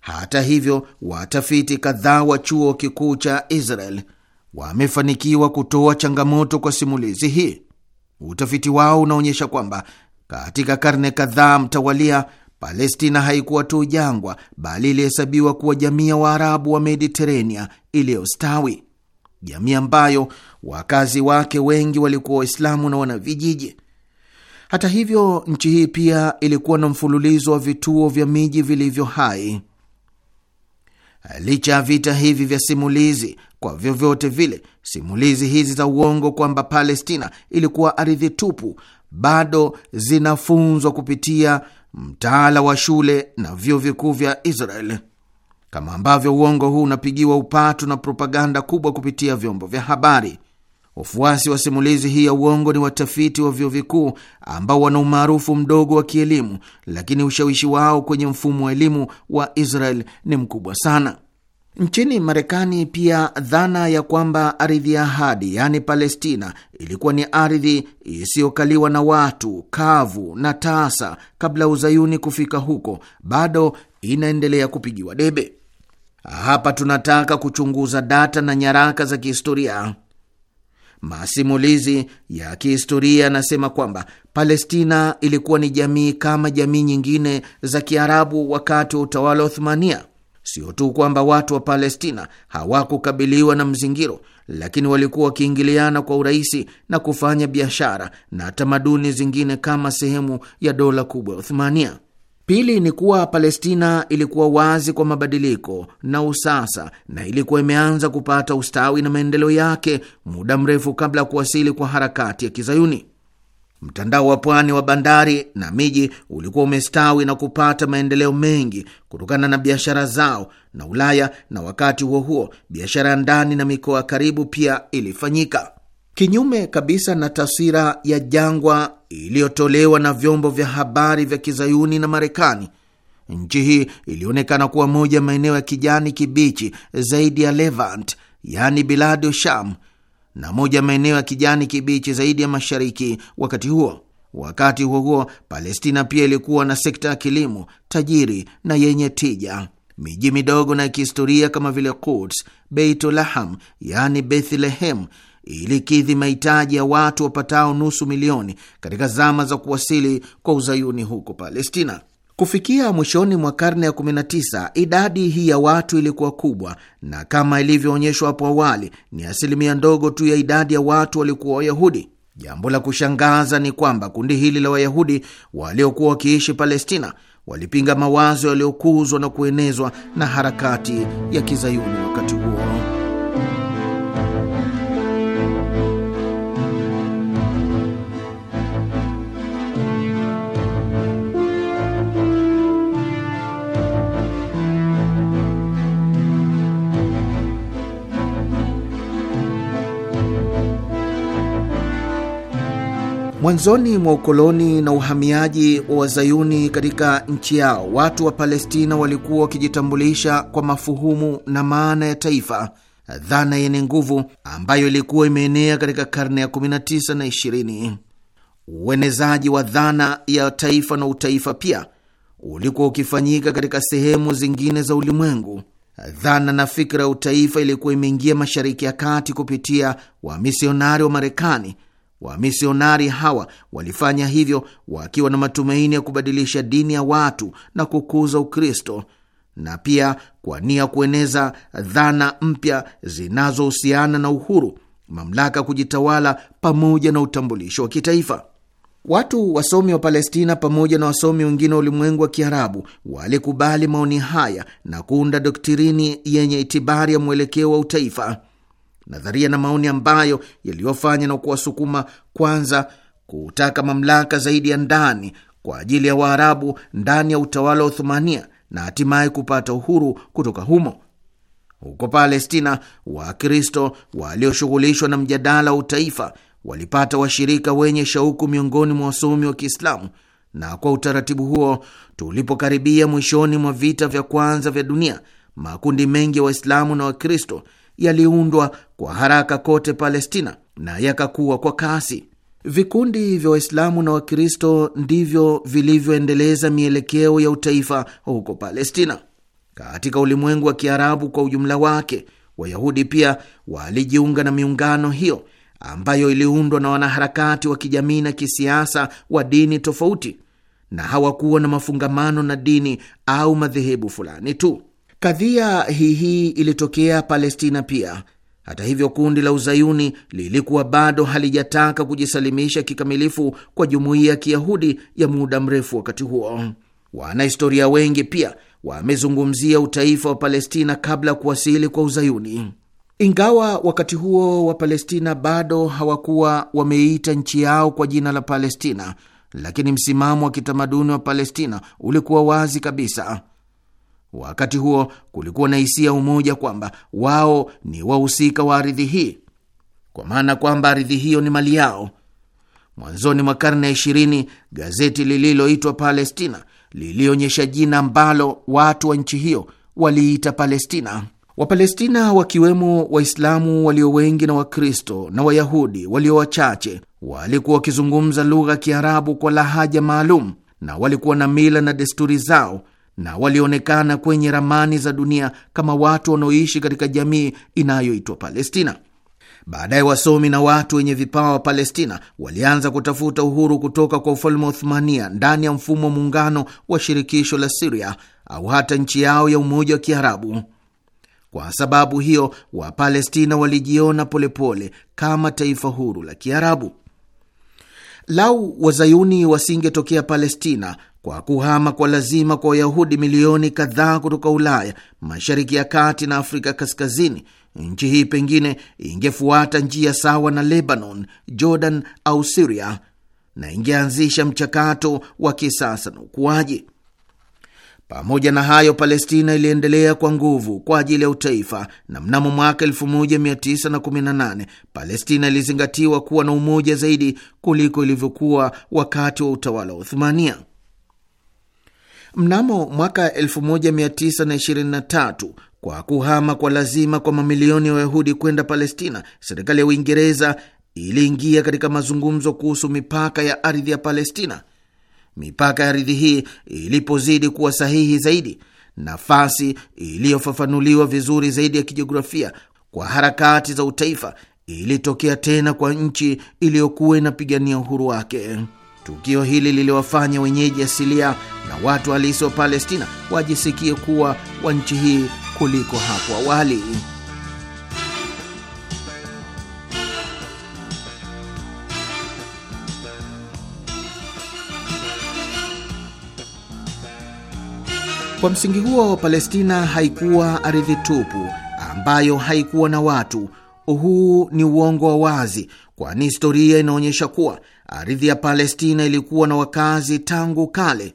Hata hivyo, watafiti kadhaa wa chuo kikuu cha Israel wamefanikiwa kutoa changamoto kwa simulizi hii. Utafiti wao unaonyesha kwamba katika karne kadhaa mtawalia, Palestina haikuwa tu jangwa, bali ilihesabiwa kuwa jamii ya Waarabu wa Mediterania iliyostawi, jamii ambayo wakazi wake wengi walikuwa Waislamu na wanavijiji. Hata hivyo, nchi hii pia ilikuwa na mfululizo wa vituo vya miji vilivyo hai. Licha ya vita hivi vya simulizi, kwa vyovyote vile, simulizi hizi za uongo kwamba Palestina ilikuwa ardhi tupu bado zinafunzwa kupitia mtaala wa shule na vyuo vikuu vya Israel, kama ambavyo uongo huu unapigiwa upatu na propaganda kubwa kupitia vyombo vya habari. Wafuasi wa simulizi hii ya uongo ni watafiti wa vyuo vikuu ambao wana umaarufu mdogo wa kielimu, lakini ushawishi wao kwenye mfumo wa elimu wa Israel ni mkubwa sana. Nchini Marekani pia dhana ya kwamba ardhi ya ahadi, yaani Palestina, ilikuwa ni ardhi isiyokaliwa na watu kavu na tasa kabla uzayuni kufika huko, bado inaendelea kupigiwa debe. Hapa tunataka kuchunguza data na nyaraka za kihistoria. Masimulizi ya kihistoria yanasema kwamba Palestina ilikuwa ni jamii kama jamii nyingine za Kiarabu wakati wa utawala wa Uthmania. Sio tu kwamba watu wa Palestina hawakukabiliwa na mzingiro, lakini walikuwa wakiingiliana kwa urahisi na kufanya biashara na tamaduni zingine kama sehemu ya dola kubwa ya Uthmania. Pili ni kuwa Palestina ilikuwa wazi kwa mabadiliko na usasa na ilikuwa imeanza kupata ustawi na maendeleo yake muda mrefu kabla ya kuwasili kwa harakati ya Kizayuni. Mtandao wa pwani wa bandari na miji ulikuwa umestawi na kupata maendeleo mengi kutokana na biashara zao na Ulaya, na wakati huo huo biashara ya ndani na mikoa karibu pia ilifanyika, kinyume kabisa na taswira ya jangwa iliyotolewa na vyombo vya habari vya kizayuni na Marekani. Nchi hii ilionekana kuwa moja ya maeneo ya kijani kibichi zaidi ya Levant, yaani biladu Sham na moja ya maeneo ya kijani kibichi zaidi ya mashariki wakati huo. Wakati huo huo, Palestina pia ilikuwa na sekta ya kilimo tajiri na yenye tija. Miji midogo na ya kihistoria kama vile Quds, Beitulaham yaani Bethlehem ilikidhi mahitaji ya watu wapatao nusu milioni katika zama za kuwasili kwa uzayuni huko Palestina. Kufikia mwishoni mwa karne ya 19 idadi hii ya watu ilikuwa kubwa, na kama ilivyoonyeshwa hapo awali, ni asilimia ndogo tu ya idadi ya watu walikuwa Wayahudi. Jambo la kushangaza ni kwamba kundi hili la Wayahudi waliokuwa wakiishi Palestina walipinga mawazo yaliyokuzwa na kuenezwa na harakati ya kizayuni wakati huo. Mwanzoni mwa ukoloni na uhamiaji wa wazayuni katika nchi yao, watu wa Palestina walikuwa wakijitambulisha kwa mafuhumu na maana ya taifa, dhana yenye nguvu ambayo ilikuwa imeenea katika karne ya 19 na 20. Uenezaji wa dhana ya taifa na utaifa pia ulikuwa ukifanyika katika sehemu zingine za ulimwengu. Dhana na fikra ya utaifa ilikuwa imeingia Mashariki ya Kati kupitia wamisionari wa Marekani Wamisionari hawa walifanya hivyo wakiwa na matumaini ya kubadilisha dini ya watu na kukuza Ukristo na pia kwa nia kueneza dhana mpya zinazohusiana na uhuru, mamlaka ya kujitawala, pamoja na utambulisho wa kitaifa. Watu wasomi wa Palestina pamoja na wasomi wengine wa ulimwengu wa Kiarabu walikubali maoni haya na kuunda doktirini yenye itibari ya mwelekeo wa utaifa nadharia na maoni ambayo yaliyofanya na kuwasukuma kwanza kutaka mamlaka zaidi ya ndani kwa ajili ya Waarabu ndani ya utawala wa Uthumania na hatimaye kupata uhuru kutoka humo. Huko Palestina, Wakristo walioshughulishwa na mjadala wa utaifa walipata washirika wenye shauku miongoni mwa wasomi wa Kiislamu, na kwa utaratibu huo, tulipokaribia mwishoni mwa vita vya kwanza vya dunia, makundi mengi ya wa Waislamu na Wakristo yaliundwa kwa haraka kote Palestina na yakakuwa kwa kasi. Vikundi vya Waislamu na Wakristo ndivyo vilivyoendeleza mielekeo ya utaifa huko Palestina. Katika ulimwengu wa Kiarabu kwa ujumla wake, Wayahudi pia walijiunga na miungano hiyo ambayo iliundwa na wanaharakati wa kijamii na kisiasa wa dini tofauti, na hawakuwa na mafungamano na dini au madhehebu fulani tu. Kadhia hii hii ilitokea Palestina pia. Hata hivyo, kundi la uzayuni lilikuwa bado halijataka kujisalimisha kikamilifu kwa jumuiya ya kiyahudi ya muda mrefu. Wakati huo, wanahistoria wengi pia wamezungumzia utaifa wa Palestina kabla ya kuwasili kwa uzayuni, ingawa wakati huo wa palestina bado hawakuwa wameita nchi yao kwa jina la Palestina, lakini msimamo wa kitamaduni wa Palestina ulikuwa wazi kabisa. Wakati huo kulikuwa na hisia umoja kwamba wao ni wahusika wa ardhi hii, kwa maana kwamba ardhi hiyo ni mali yao. Mwanzoni mwa karne ya ishirini, gazeti lililoitwa Palestina lilionyesha jina ambalo watu wa nchi hiyo waliita Palestina. Wapalestina wakiwemo Waislamu walio wengi na Wakristo na Wayahudi walio wachache walikuwa wakizungumza lugha ya Kiarabu kwa lahaja maalum na walikuwa na mila na desturi zao na walionekana kwenye ramani za dunia kama watu wanaoishi katika jamii inayoitwa Palestina. Baadaye wasomi na watu wenye vipawa wa Palestina walianza kutafuta uhuru kutoka kwa ufalme wa Uthmania ndani ya mfumo wa muungano wa shirikisho la Siria au hata nchi yao ya umoja wa Kiarabu. Kwa sababu hiyo, Wapalestina walijiona polepole kama taifa huru la Kiarabu. Lau wazayuni wasingetokea Palestina, kwa kuhama kwa lazima kwa Wayahudi milioni kadhaa kutoka Ulaya, Mashariki ya Kati na Afrika Kaskazini, nchi hii pengine ingefuata njia sawa na Lebanon, Jordan au Siria na ingeanzisha mchakato wa kisasa na ukuaji. Pamoja na hayo, Palestina iliendelea kwa nguvu kwa ajili ya utaifa, na mnamo mwaka 1918 Palestina ilizingatiwa kuwa na umoja zaidi kuliko ilivyokuwa wakati wa utawala wa Uthumania. Mnamo mwaka 1923 kwa kuhama kwa lazima kwa mamilioni ya Wayahudi kwenda Palestina, serikali ya Uingereza iliingia katika mazungumzo kuhusu mipaka ya ardhi ya Palestina. Mipaka ya ardhi hii ilipozidi kuwa sahihi zaidi, nafasi iliyofafanuliwa vizuri zaidi ya kijiografia kwa harakati za utaifa ilitokea tena kwa nchi iliyokuwa inapigania uhuru wake. Tukio hili liliwafanya wenyeji asilia na watu halisi wa Palestina wajisikie kuwa wa nchi hii kuliko hapo awali. Kwa msingi huo, Palestina haikuwa ardhi tupu ambayo haikuwa na watu. Huu ni uongo wa wazi, kwani historia inaonyesha kuwa ardhi ya Palestina ilikuwa na wakazi tangu kale.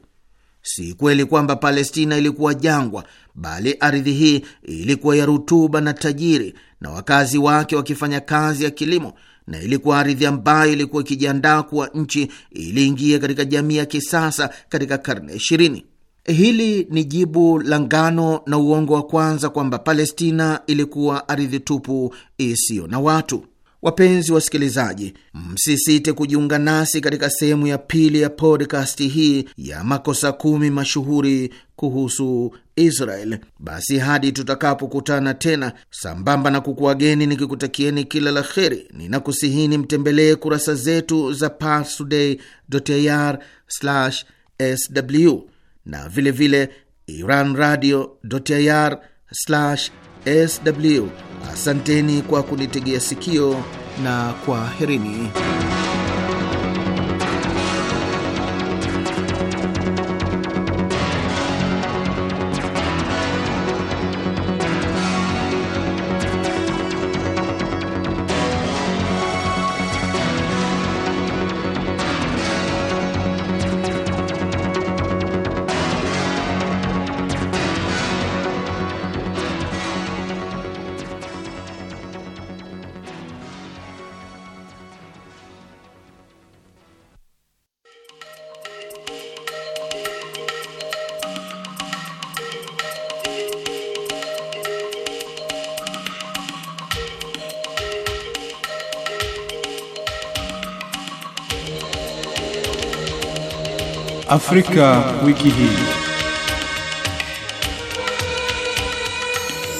Si kweli kwamba Palestina ilikuwa jangwa, bali ardhi hii ilikuwa ya rutuba na tajiri, na wakazi wake wakifanya kazi ya kilimo, na ilikuwa ardhi ambayo ilikuwa ikijiandaa kuwa nchi iliingia katika jamii ya kisasa katika karne ishirini. Hili ni jibu la ngano na uongo wa kwanza kwamba Palestina ilikuwa ardhi tupu isiyo na watu. Wapenzi wasikilizaji, msisite kujiunga nasi katika sehemu ya pili ya podkasti hii ya makosa kumi mashuhuri kuhusu Israel. Basi hadi tutakapokutana tena, sambamba na kukuwageni nikikutakieni kila la kheri, ninakusihini mtembelee kurasa zetu za parstoday.ir/sw na vilevile iranradio.ir/sw Asanteni kwa kunitegea sikio na kwaherini. Afrika wiki hii.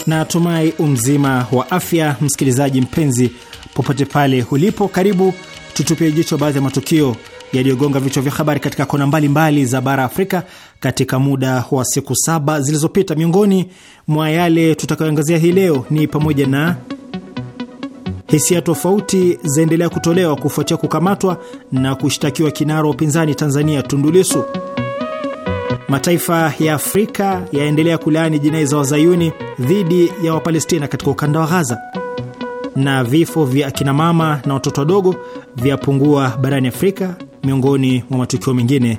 Na tumai umzima wa afya, msikilizaji mpenzi, popote pale ulipo, karibu tutupie jicho baadhi ya matukio yaliyogonga vichwa vya habari katika kona mbalimbali za bara Afrika katika muda wa siku saba zilizopita. Miongoni mwa yale tutakayoangazia hii leo ni pamoja na Hisia tofauti zaendelea kutolewa kufuatia kukamatwa na kushtakiwa kinara wa upinzani Tanzania tundulisu Mataifa ya Afrika yaendelea kulaani jinai za wazayuni dhidi ya Wapalestina katika ukanda wa Ghaza, na vifo vya akinamama na watoto wadogo vyapungua barani Afrika, miongoni mwa matukio mengine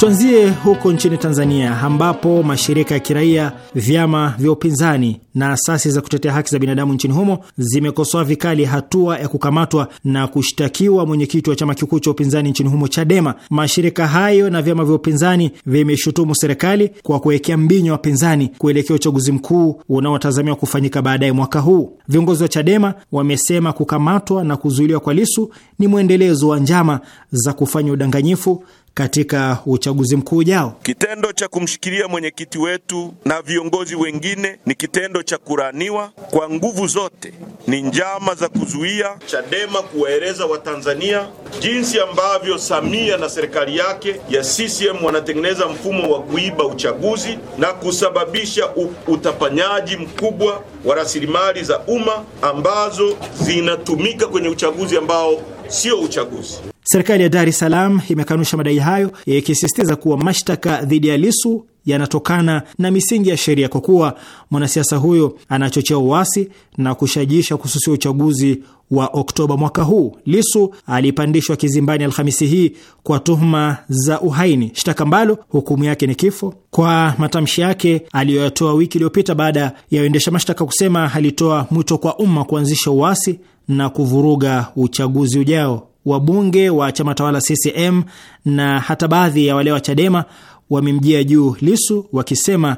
Tuanzie huko nchini Tanzania ambapo mashirika ya kiraia, vyama vya upinzani na asasi za kutetea haki za binadamu nchini humo zimekosoa vikali hatua ya kukamatwa na kushtakiwa mwenyekiti wa chama kikuu cha upinzani nchini humo Chadema. Mashirika hayo na vyama vya upinzani vimeshutumu serikali kwa kuwekea mbinyo wapinzani kuelekea uchaguzi mkuu unaotazamiwa kufanyika baadaye mwaka huu. Viongozi wa Chadema wamesema kukamatwa na kuzuiliwa kwa Lisu ni mwendelezo wa njama za kufanya udanganyifu katika uchaguzi mkuu ujao. Kitendo cha kumshikilia mwenyekiti wetu na viongozi wengine ni kitendo cha kuraniwa kwa nguvu zote, ni njama za kuzuia Chadema kuwaeleza Watanzania jinsi ambavyo Samia na serikali yake ya CCM wanatengeneza mfumo wa kuiba uchaguzi na kusababisha utapanyaji mkubwa wa rasilimali za umma ambazo zinatumika kwenye uchaguzi ambao sio uchaguzi. Serikali ya Dar es Salaam imekanusha madai hayo ikisisitiza kuwa mashtaka dhidi ya Lisu yanatokana na misingi ya sheria kwa kuwa mwanasiasa huyo anachochea uasi na kushajiisha kususia uchaguzi wa Oktoba mwaka huu. Lisu alipandishwa kizimbani Alhamisi hii kwa tuhuma za uhaini, shtaka ambalo hukumu yake ni kifo, kwa matamshi yake aliyoyatoa wiki iliyopita baada ya waendesha mashtaka kusema alitoa mwito kwa umma kuanzisha uasi na kuvuruga uchaguzi ujao. Wabunge wa chama tawala CCM na hata baadhi ya wale wa Chadema wamemjia juu Lisu wakisema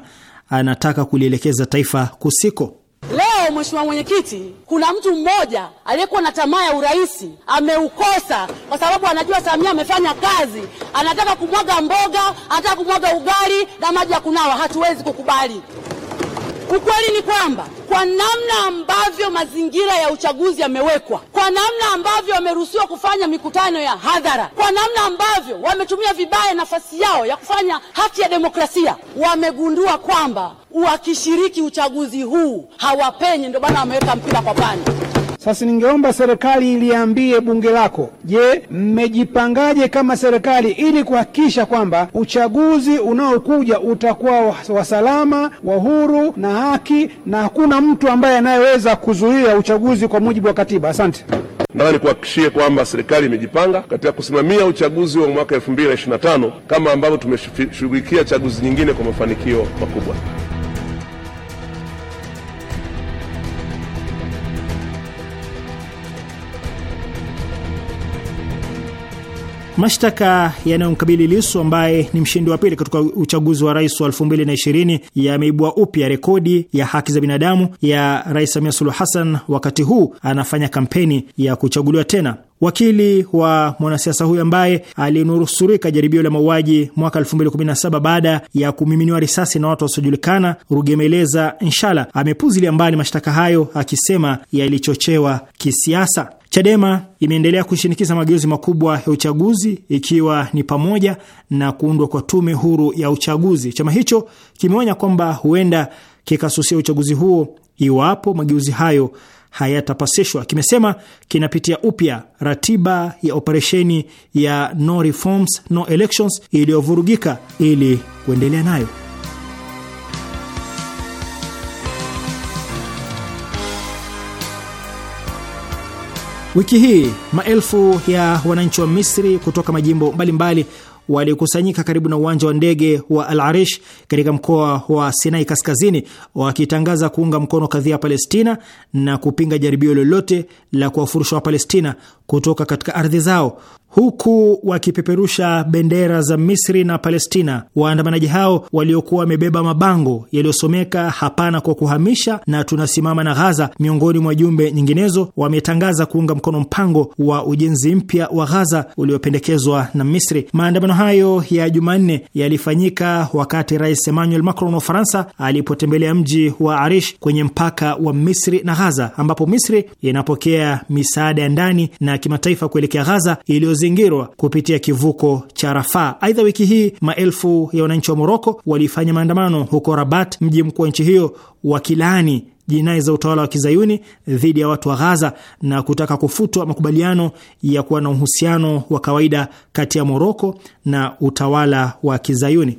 anataka kulielekeza taifa kusiko. Leo mheshimiwa mwenyekiti, kuna mtu mmoja aliyekuwa na tamaa ya urais ameukosa, kwa sababu anajua Samia amefanya kazi, anataka kumwaga mboga, anataka kumwaga ugali na maji ya kunawa. Hatuwezi kukubali. Ukweli ni kwamba kwa namna ambavyo mazingira ya uchaguzi yamewekwa, kwa namna ambavyo wameruhusiwa kufanya mikutano ya hadhara, kwa namna ambavyo wametumia vibaya nafasi yao ya kufanya haki ya demokrasia, wamegundua kwamba wakishiriki uchaguzi huu hawapenyi. Ndio maana wameweka mpira kwa pani. Sasa ningeomba serikali iliambie bunge lako, je, mmejipangaje kama serikali ili kuhakikisha kwamba uchaguzi unaokuja utakuwa wasalama wa huru na haki na hakuna mtu ambaye anayeweza kuzuia uchaguzi kwa mujibu wa katiba. Asante. Nataka nikuhakikishie kwamba serikali imejipanga katika kusimamia uchaguzi wa mwaka 2025 kama ambavyo tumeshughulikia chaguzi nyingine kwa mafanikio makubwa. Mashtaka yanayomkabili Lisu ambaye ni mshindi wa pili katika uchaguzi wa rais wa 2020 yameibua upya rekodi ya haki za binadamu ya Rais Samia Suluhu Hassan wakati huu anafanya kampeni ya kuchaguliwa tena. Wakili wa mwanasiasa huyo ambaye alinusurika jaribio la mauaji mwaka 2017 baada ya kumiminiwa risasi na watu wasiojulikana, Rugemeleza Nshala, amepuzilia mbali mashtaka hayo akisema yalichochewa kisiasa. Chadema imeendelea kushinikiza mageuzi makubwa ya uchaguzi ikiwa ni pamoja na kuundwa kwa tume huru ya uchaguzi. Chama hicho kimeonya kwamba huenda kikasusia uchaguzi huo iwapo mageuzi hayo hayatapasishwa. Kimesema kinapitia upya ratiba ya operesheni ya no reforms, no elections iliyovurugika ili kuendelea nayo. Wiki hii maelfu ya wananchi wa Misri kutoka majimbo mbalimbali walikusanyika karibu na uwanja wa ndege wa Al Arish katika mkoa wa Sinai Kaskazini, wakitangaza kuunga mkono kadhia ya Palestina na kupinga jaribio lolote la kuwafurusha Wapalestina kutoka katika ardhi zao huku wakipeperusha bendera za Misri na Palestina. Waandamanaji hao waliokuwa wamebeba mabango yaliyosomeka hapana kwa kuhamisha na tunasimama na Ghaza, miongoni mwa jumbe nyinginezo, wametangaza kuunga mkono mpango wa ujenzi mpya wa Ghaza uliopendekezwa na Misri. Maandamano hayo ya Jumanne yalifanyika wakati Rais Emmanuel Macron wa Ufaransa alipotembelea mji wa Arish kwenye mpaka wa Misri na Ghaza, ambapo Misri inapokea misaada ya ndani na kimataifa kuelekea Ghaza iliyo kuzingirwa kupitia kivuko cha Rafaa. Aidha, wiki hii maelfu ya wananchi wa Moroko walifanya maandamano huko Rabat, mji mkuu wa nchi hiyo, wakilaani jinai za utawala wa kizayuni dhidi ya watu wa Ghaza na kutaka kufutwa makubaliano ya kuwa na uhusiano wa kawaida kati ya Moroko na utawala wa kizayuni.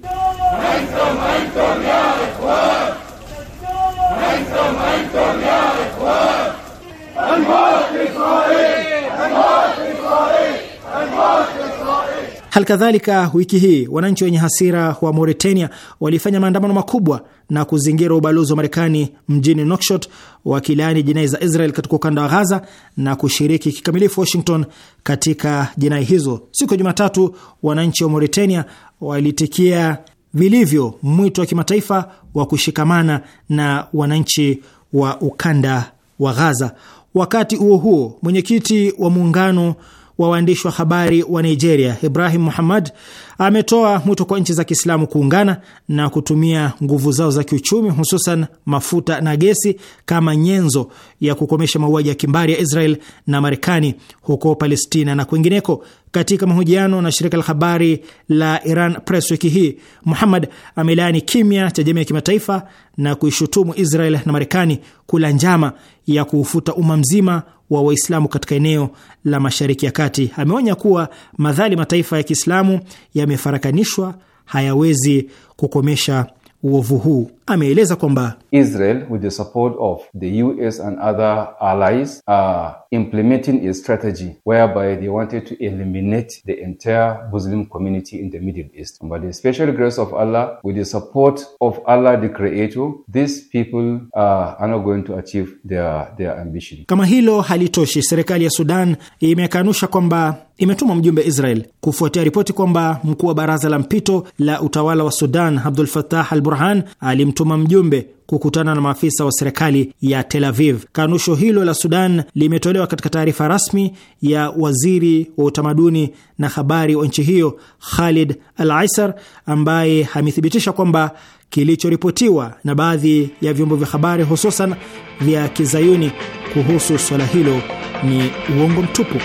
Hali kadhalika wiki hii wananchi wenye hasira wa Mauritania walifanya maandamano makubwa na kuzingira ubalozi wa Marekani mjini Nouakchott wakilaani jinai za Israel katika ukanda wa Ghaza na kushiriki kikamilifu Washington katika jinai hizo. Siku ya Jumatatu, wananchi wa Mauritania walitikia vilivyo mwito wa kimataifa wa kushikamana na wananchi wa ukanda wa Ghaza. Wakati huo huo, mwenyekiti wa muungano wa waandishi wa habari wa Nigeria, Ibrahim Muhammad, ametoa mwito kwa nchi za Kiislamu kuungana na kutumia nguvu zao za kiuchumi, hususan mafuta na gesi, kama nyenzo ya kukomesha mauaji ya kimbari ya Israel na Marekani huko Palestina na kwingineko. Katika mahojiano na shirika la habari la Iran Press wiki hii, Muhammad amelaani kimya cha jamii ya kimataifa na kuishutumu Israel na Marekani kula njama ya kuufuta umma mzima wa Waislamu katika eneo la Mashariki ya Kati. Ameonya kuwa madhali mataifa ya Kiislamu yamefarakanishwa hayawezi kukomesha uovu huu ameeleza kwamba Israel with the support of the US and other allies are implementing a strategy whereby they wanted to eliminate the entire Muslim community in the Middle East. And by the special grace of Allah, with the support of Allah the Creator, these people uh, are not going to achieve their, their ambition. Kama hilo halitoshi, serikali ya Sudan imekanusha kwamba imetuma mjumbe Israel kufuatia ripoti kwamba mkuu wa baraza la mpito la utawala wa Sudan Abdul Fattah al-Burhan alim kumtuma mjumbe kukutana na maafisa wa serikali ya Tel Aviv. Kanusho hilo la Sudan limetolewa katika taarifa rasmi ya waziri wa utamaduni na habari wa nchi hiyo Khalid Al Aisar, ambaye amethibitisha kwamba kilichoripotiwa na baadhi ya vyombo vya habari hususan vya kizayuni kuhusu swala hilo ni uongo mtupu.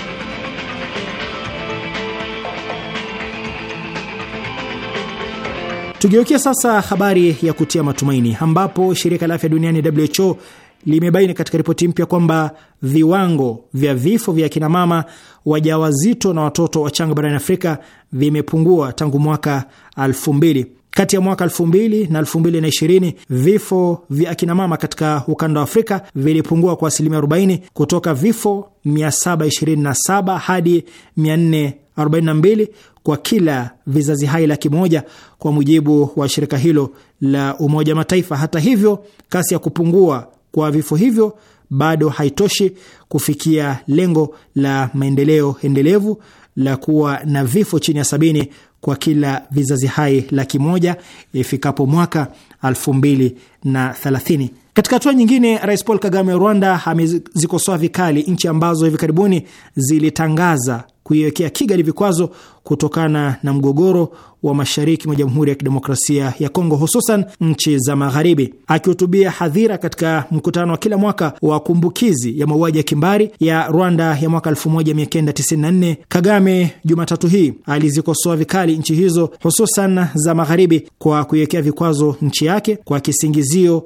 Tugeukia sasa habari ya kutia matumaini ambapo shirika la afya duniani WHO limebaini katika ripoti mpya kwamba viwango vya vifo vya akinamama wajawazito na watoto wachanga barani Afrika vimepungua tangu mwaka 2000. Kati ya mwaka 2000 na 2020 vifo vya akinamama katika ukanda wa Afrika vilipungua kwa asilimia 40 kutoka vifo 727 hadi 442 kwa kila vizazi hai laki moja kwa mujibu wa shirika hilo la Umoja Mataifa. Hata hivyo, kasi ya kupungua kwa vifo hivyo bado haitoshi kufikia lengo la maendeleo endelevu la kuwa na vifo chini ya sabini kwa kila vizazi hai laki moja ifikapo mwaka thelathini. Katika hatua nyingine, Rais Paul Kagame wa Rwanda amezikosoa vikali nchi ambazo hivi karibuni zilitangaza kuiwekea Kigali vikwazo kutokana na mgogoro wa mashariki mwa Jamhuri ya Kidemokrasia ya Kongo, hususan nchi za magharibi. Akihutubia hadhira katika mkutano wa kila mwaka wa kumbukizi ya mauaji ya kimbari ya Rwanda ya mwaka 1994, Kagame Jumatatu hii alizikosoa vikali nchi hizo, hususan za magharibi, kwa kuiwekea vikwazo nchi yake kwa kisingizio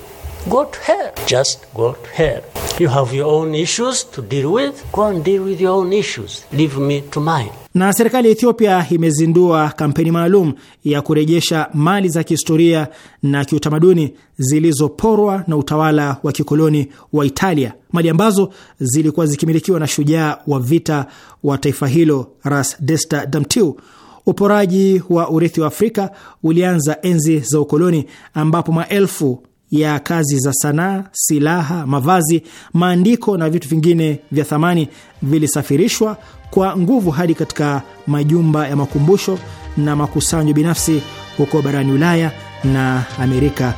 Go to hell. Just go to hell. You have your own issues to deal with. Go and deal with your own issues. Leave me to mine. Na serikali ya Ethiopia imezindua kampeni maalum ya kurejesha mali za kihistoria na kiutamaduni zilizoporwa na utawala wa kikoloni wa Italia, mali ambazo zilikuwa zikimilikiwa na shujaa wa vita wa taifa hilo Ras Desta Damtiu. Uporaji wa urithi wa Afrika ulianza enzi za ukoloni ambapo maelfu ya kazi za sanaa, silaha, mavazi, maandiko na vitu vingine vya thamani vilisafirishwa kwa nguvu hadi katika majumba ya makumbusho na makusanyo binafsi huko barani Ulaya na Amerika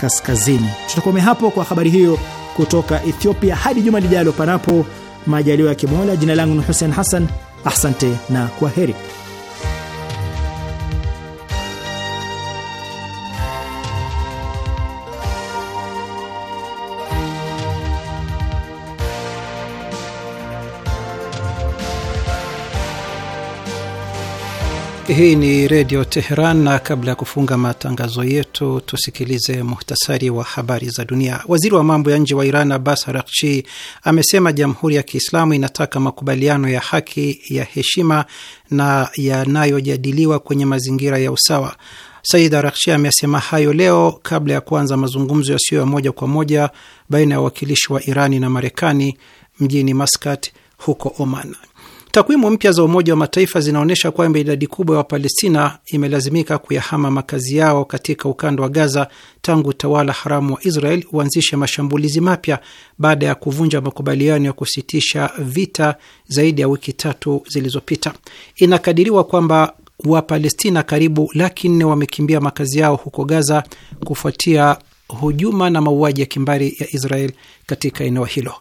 Kaskazini. Tutakomea hapo kwa habari hiyo kutoka Ethiopia hadi juma lijalo, panapo majaliwa ya Kimola. Jina langu ni Hussein Hassan, asante na kwa heri. Hii ni Redio Teheran, na kabla ya kufunga matangazo yetu tusikilize muhtasari wa habari za dunia. Waziri wa mambo ya nje wa Iran Abbas Araghchi amesema Jamhuri ya Kiislamu inataka makubaliano ya haki, ya heshima na yanayojadiliwa kwenye mazingira ya usawa. Said Araghchi amesema hayo leo kabla ya kuanza mazungumzo yasiyo ya moja kwa moja baina ya wawakilishi wa Irani na Marekani mjini Maskat huko Oman. Takwimu mpya za Umoja wa Mataifa zinaonyesha kwamba idadi kubwa ya Wapalestina imelazimika kuyahama makazi yao katika ukanda wa Gaza tangu utawala haramu wa Israel uanzishe mashambulizi mapya baada ya kuvunja makubaliano ya kusitisha vita zaidi ya wiki tatu zilizopita. Inakadiriwa kwamba Wapalestina karibu laki nne wamekimbia makazi yao huko Gaza kufuatia hujuma na mauaji ya kimbari ya Israel katika eneo hilo.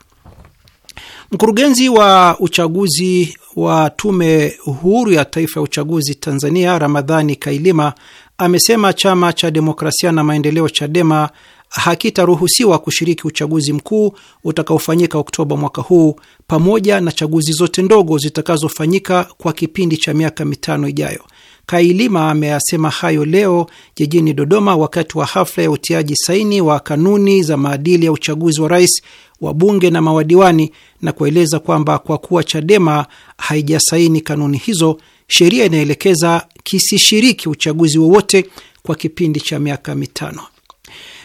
Mkurugenzi wa uchaguzi wa Tume Huru ya Taifa ya Uchaguzi Tanzania, Ramadhani Kailima, amesema Chama cha Demokrasia na Maendeleo, CHADEMA, hakitaruhusiwa kushiriki uchaguzi mkuu utakaofanyika Oktoba mwaka huu pamoja na chaguzi zote ndogo zitakazofanyika kwa kipindi cha miaka mitano ijayo. Kailima ameyasema hayo leo jijini Dodoma wakati wa hafla ya utiaji saini wa kanuni za maadili ya uchaguzi wa rais wabunge na mawadiwani na kueleza kwamba kwa kuwa Chadema haijasaini kanuni hizo, sheria inaelekeza kisishiriki uchaguzi wowote kwa kipindi cha miaka mitano.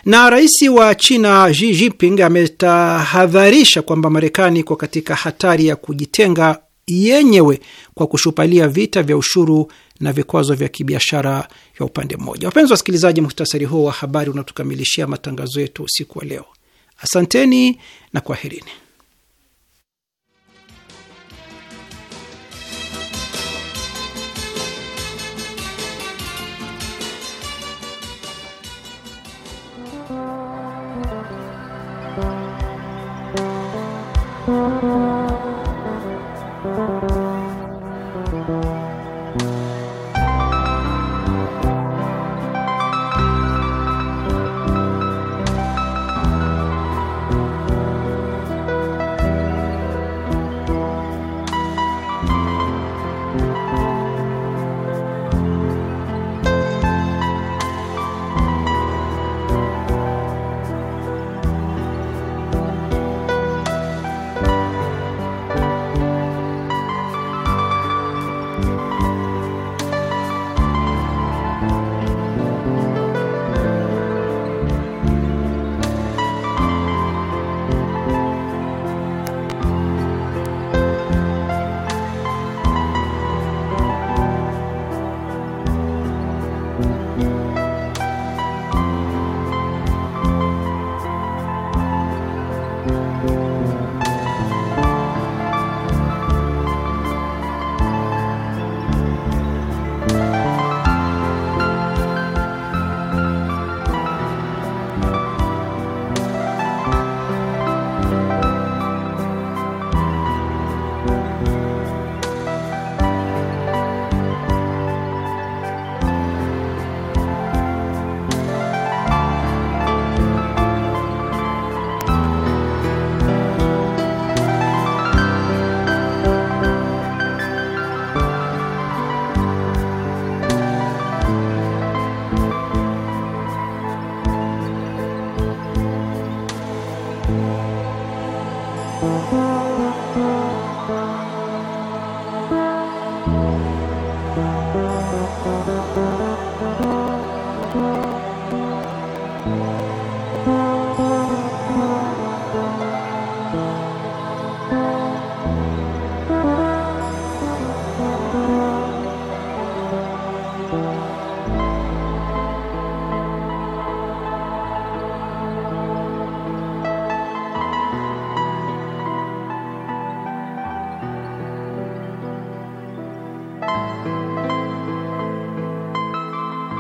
Na rais wa China Xi Jinping ametahadharisha kwamba Marekani iko katika hatari ya kujitenga yenyewe kwa kushupalia vita vya ushuru na vikwazo vya kibiashara vya upande mmoja. Wapenzi wasikilizaji, muhtasari huo wa habari unatukamilishia matangazo yetu usiku wa leo. Asanteni na kwaherini.